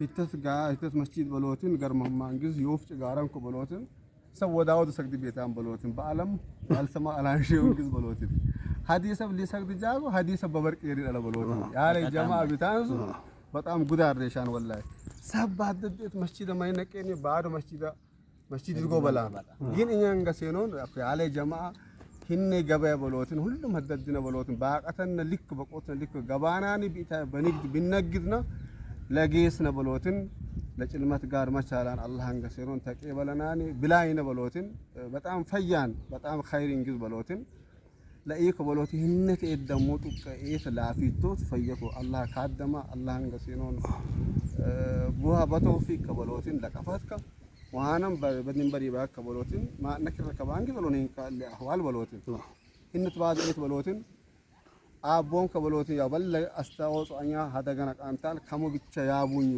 ಹಿತ್ತಸ್ ಗಾ ಹಿತ್ತಸ್ ಮಸ್ಜಿದ್ ಬಲೋತಿನ್ ಗರ್ ಮಹಮಾಂಗಿዝ ዮಫ್ ጭጋረንኩ በሎትን ሰብ ወዳወዱ ሰግድ ቤታን በሎትን በአለም አልሰማ አላንሺውንግዝ በሎትን ሀዲ ሊሰግድ ጃጎ ሀዲ ሰብ በበርቅ የሪደለ በሎትን ያለ ጀማ ቢታንሱ በጣም ጉዳር ሬሻን ወላይ ሰብ ባደደት መስጂድ ማይነቀኝ ባዶ መስጂድ መስጂድ ይዝጎ በላ ግን እኛን ገሴኖን ያለ ጀማ ሂኔ ገበያ በሎትን ሁሉም ሀደድነ በሎትን ባቀተነ ልክ በቆተነ ልክ ገባናኒ በንግድ ቢነግድና ለጌስነ በሎትን ለጭልመት ጋር መቻላን አላህን ገሴሮን ተቄ በለናኒ ብላይነ በሎትን በጣም ፈያን በጣም ኸይር እንግዝ በሎትን ለኢኮ በሎት ህነት ኤት ደሞ ጡቀኤት ላፊቶት ፈየኮ አላህ ካደማ አላህን ገሴኖን ቡሃ በተውፊቅ ከበሎትን ለቀፈትከ ዋናም በድንበሪ ባከ ከበሎትን ማነክረ ከባንጊ በሎኔን ካለ አህዋል በሎትን ህነት ባዝ ኤት በሎትን አቦን ከበሎት ያበለ አስተዋጽኦኛ ሀደገነ ቃንታል ከሙ ብቻ ያቡኙ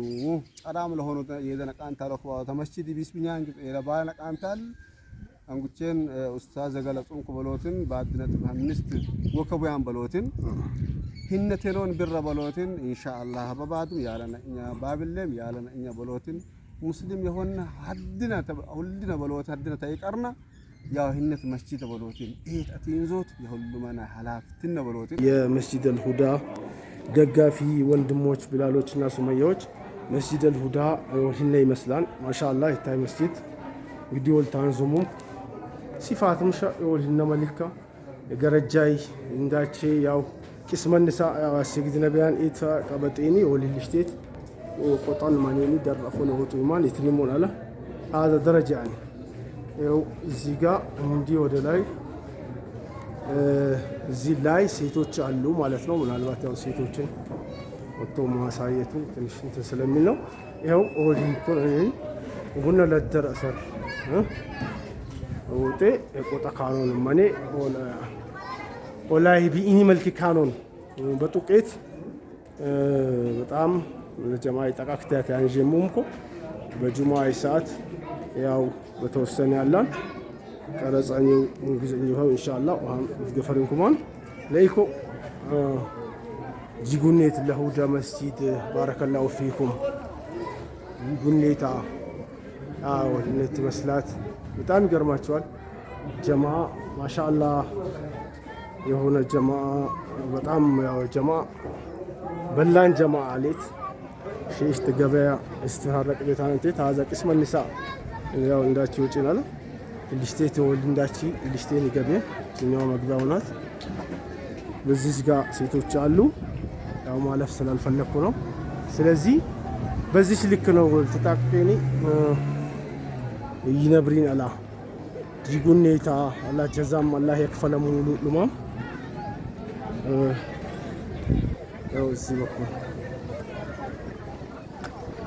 ጨዳም ለሆኑ የዘነ ቃንታል ወክባ ተመስጂድ ቢስብኛ እንግጥ የለባለ ቃንታል አንጉቼን ኡስታዝ ዘገለጹን ከበሎትን በአድነት በአምስት ወከቡያን በሎትን ህነቴሎን ብረ በሎትን ኢንሻአላህ በባዱም ያለነ እኛ ባብሌም ያለነ እኛ በሎትን ሙስሊም የሆነ ሀድነ ሁልነ በሎት ሀድነ ታይቀርና የዋህነት መስጂድ በሎትን ይሄት አትንዞት የሁሉመና ሀላፊትን በሎትን የመስጂድ አልሁዳ ደጋፊ ወንድሞች ብላሎችና ሱመያዎች መስጂድ አልሁዳ ወልሂና ይመስላል። ማሻአላ ይታይ መስጂድ እንግዲህ ወልታንዙሙ ምሻ ወልሂና መልካ ገረጃይ እንዳቼ ያው ቂስመንሳ አስግድ ነቢያን ኢታ ቀበጤኒ ወልልሽቴት ቆጣን ማኔኒ ደረፎ ነወጡ ኢማን ይትልሙን አለ አዛ ደረጃ ይኸው እዚህ ጋር እንዲህ ወደ ላይ እዚህ ላይ ሴቶች አሉ ማለት ነው። ምናልባት ያው ሴቶችን ወጥቶ ማሳየቱ ትንሽ እንትን ስለሚል ነው። ይኸው ኦዲንኮን ቡነ ለደረሰር ውጤ የቆጠ ካኖን መኔ ኦላይ ቢኢኒ መልክ ካኖን በጡቄት በጣም ለጀማ ጠቃክታት ያንዥሙምኮ በጁማ ሰዓት ያው በተወሰነ ያለን ቀረፃኒ ሙግዝኝ ይኸው ኢንሻአላ ውሃም ይትገፈርን ኩሞን ለይኮ ጅጉኔት ለሁዳ መስጂድ ባረከላሁ ፊኩም ጅጉኔታ አዎ ነት መስላት በጣም ይገርማቸዋል። ጀማ ማሻአላ የሆነ ጀማ በጣም ያው ጀማ በላን ጀማ አሌት ሼሽ ተገበያ እስትራረቅ ቤታንቴ ታዛ ቅስመ ኒሳ ያው እንዳቺ ውጭ ናለ ልሽቴ ትወልድ እንዳቺ ልሽቴን ይገቢ እኛው መግቢያው ናት። በዚህ ጋር ሴቶች አሉ። ያው ማለፍ ስላልፈለግኩ ነው። ስለዚህ በዚህ ልክ ነው ተጣቅቄኒ ይነብሪን አላ ዲጉኔታ አላ ጀዛም አላ የክፈለ ሙሉ ልማም ያው እዚህ በኩል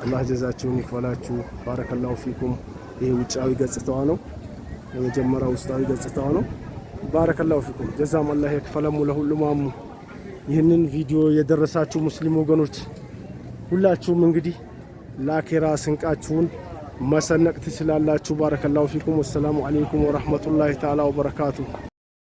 አላህ ጀዛችሁን ይክፈላችሁ። ባረከላሁ ፊኩም ይሄ ውጫዊ ገጽታዋ ነው። የመጀመሪያ ውስጣዊ ገጽታዋ ነው። ባረከላሁ ፊኩም ጀዛም አላህ የክፈለሙ ለሁሉም አሙ። ይህንን ቪዲዮ የደረሳችሁ ሙስሊም ወገኖች ሁላችሁም እንግዲህ ለአኼራ ስንቃችሁን መሰነቅ ትችላላችሁ። ባረከላሁ ፊኩም። ወሰላሙ አሌይኩም ወረህመቱላሂ ተዓላ ወበረካቱ።